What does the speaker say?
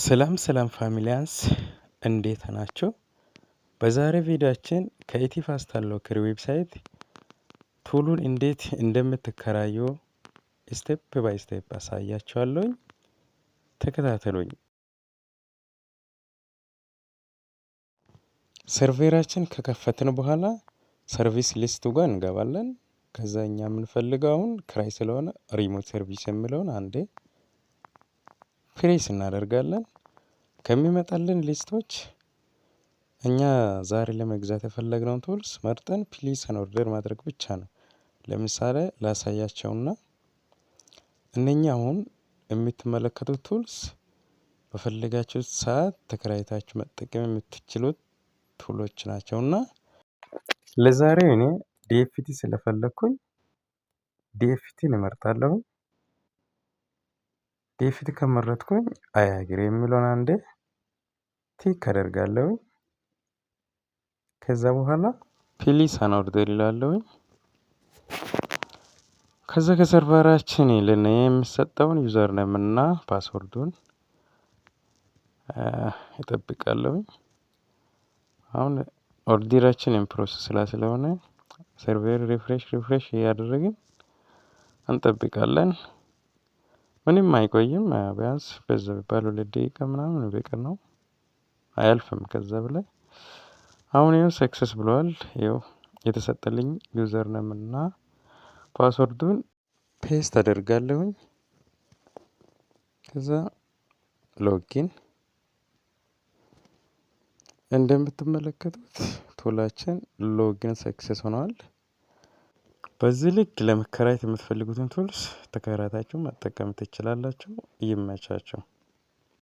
ሰላም ሰላም ፋሚሊያንስ እንዴት ናቸው? በዛሬ ቪዲዮችን ከኢቲፋስት ፋስት ዌብሳይት ቱሉን እንዴት እንደምትከራዩ ስቴፕ ባይ ስቴፕ አሳያቸዋለሁኝ። ተከታተሉኝ። ሰርቬራችን ከከፈትን በኋላ ሰርቪስ ሊስቱ ጋር እንገባለን። ከዛ እኛ የምንፈልገው አሁን ክራይ ስለሆነ ሪሞት ሰርቪስ የሚለውን አንዴ ፕሬስ እናደርጋለን ከሚመጣልን ሊስቶች እኛ ዛሬ ለመግዛት የፈለግነውን ቱልስ መርጠን ፕሊስ ኦርደር ማድረግ ብቻ ነው። ለምሳሌ ላሳያቸውና እነኛ አሁን የምትመለከቱት ቱልስ በፈለጋችሁት ሰዓት ተከራይታችሁ መጠቀም የምትችሉት ቱሎች ናቸው። እና ለዛሬው እኔ ዲኤፍቲ ስለፈለግኩኝ ዲኤፍቲን እመርጣለሁ። ኤፊት ከመረጥኩኝ አያግር የሚለውን አንዴ ቲክ አደርጋለሁኝ። ከዛ በኋላ ፕሊስ አኖርደር እላለሁኝ። ከዛ ከሰርቨራችን ልን የሚሰጠውን ዩዘር ኔም እና ፓስወርዱን እጠብቃለሁኝ። አሁን ኦርዲራችን ኢን ፕሮሰስ ላይ ስለሆነ ሰርቬር ሪፍሬሽ ሪፍሬሽ እያደረግን እንጠብቃለን ምንም አይቆይም ቢያንስ በዛ ቢባል ሁለት ደቂቃ ምናምን ቢቀር ነው። አያልፍም ከዛ በላይ። አሁን ይኸው ሰክሰስ ብሏል ይኸው የተሰጠልኝ ዩዘር ነም እና ፓስወርዱን ፔስት አደርጋለሁኝ። ከዛ ሎጊን እንደምትመለከቱት ቶላችን ሎጊን ሰክሰስ ሆኗል በዚህ ልክ ለመከራየት የምትፈልጉትን ቱልስ ተከራይታችሁ መጠቀም ትችላላችሁ። ይመቻችሁ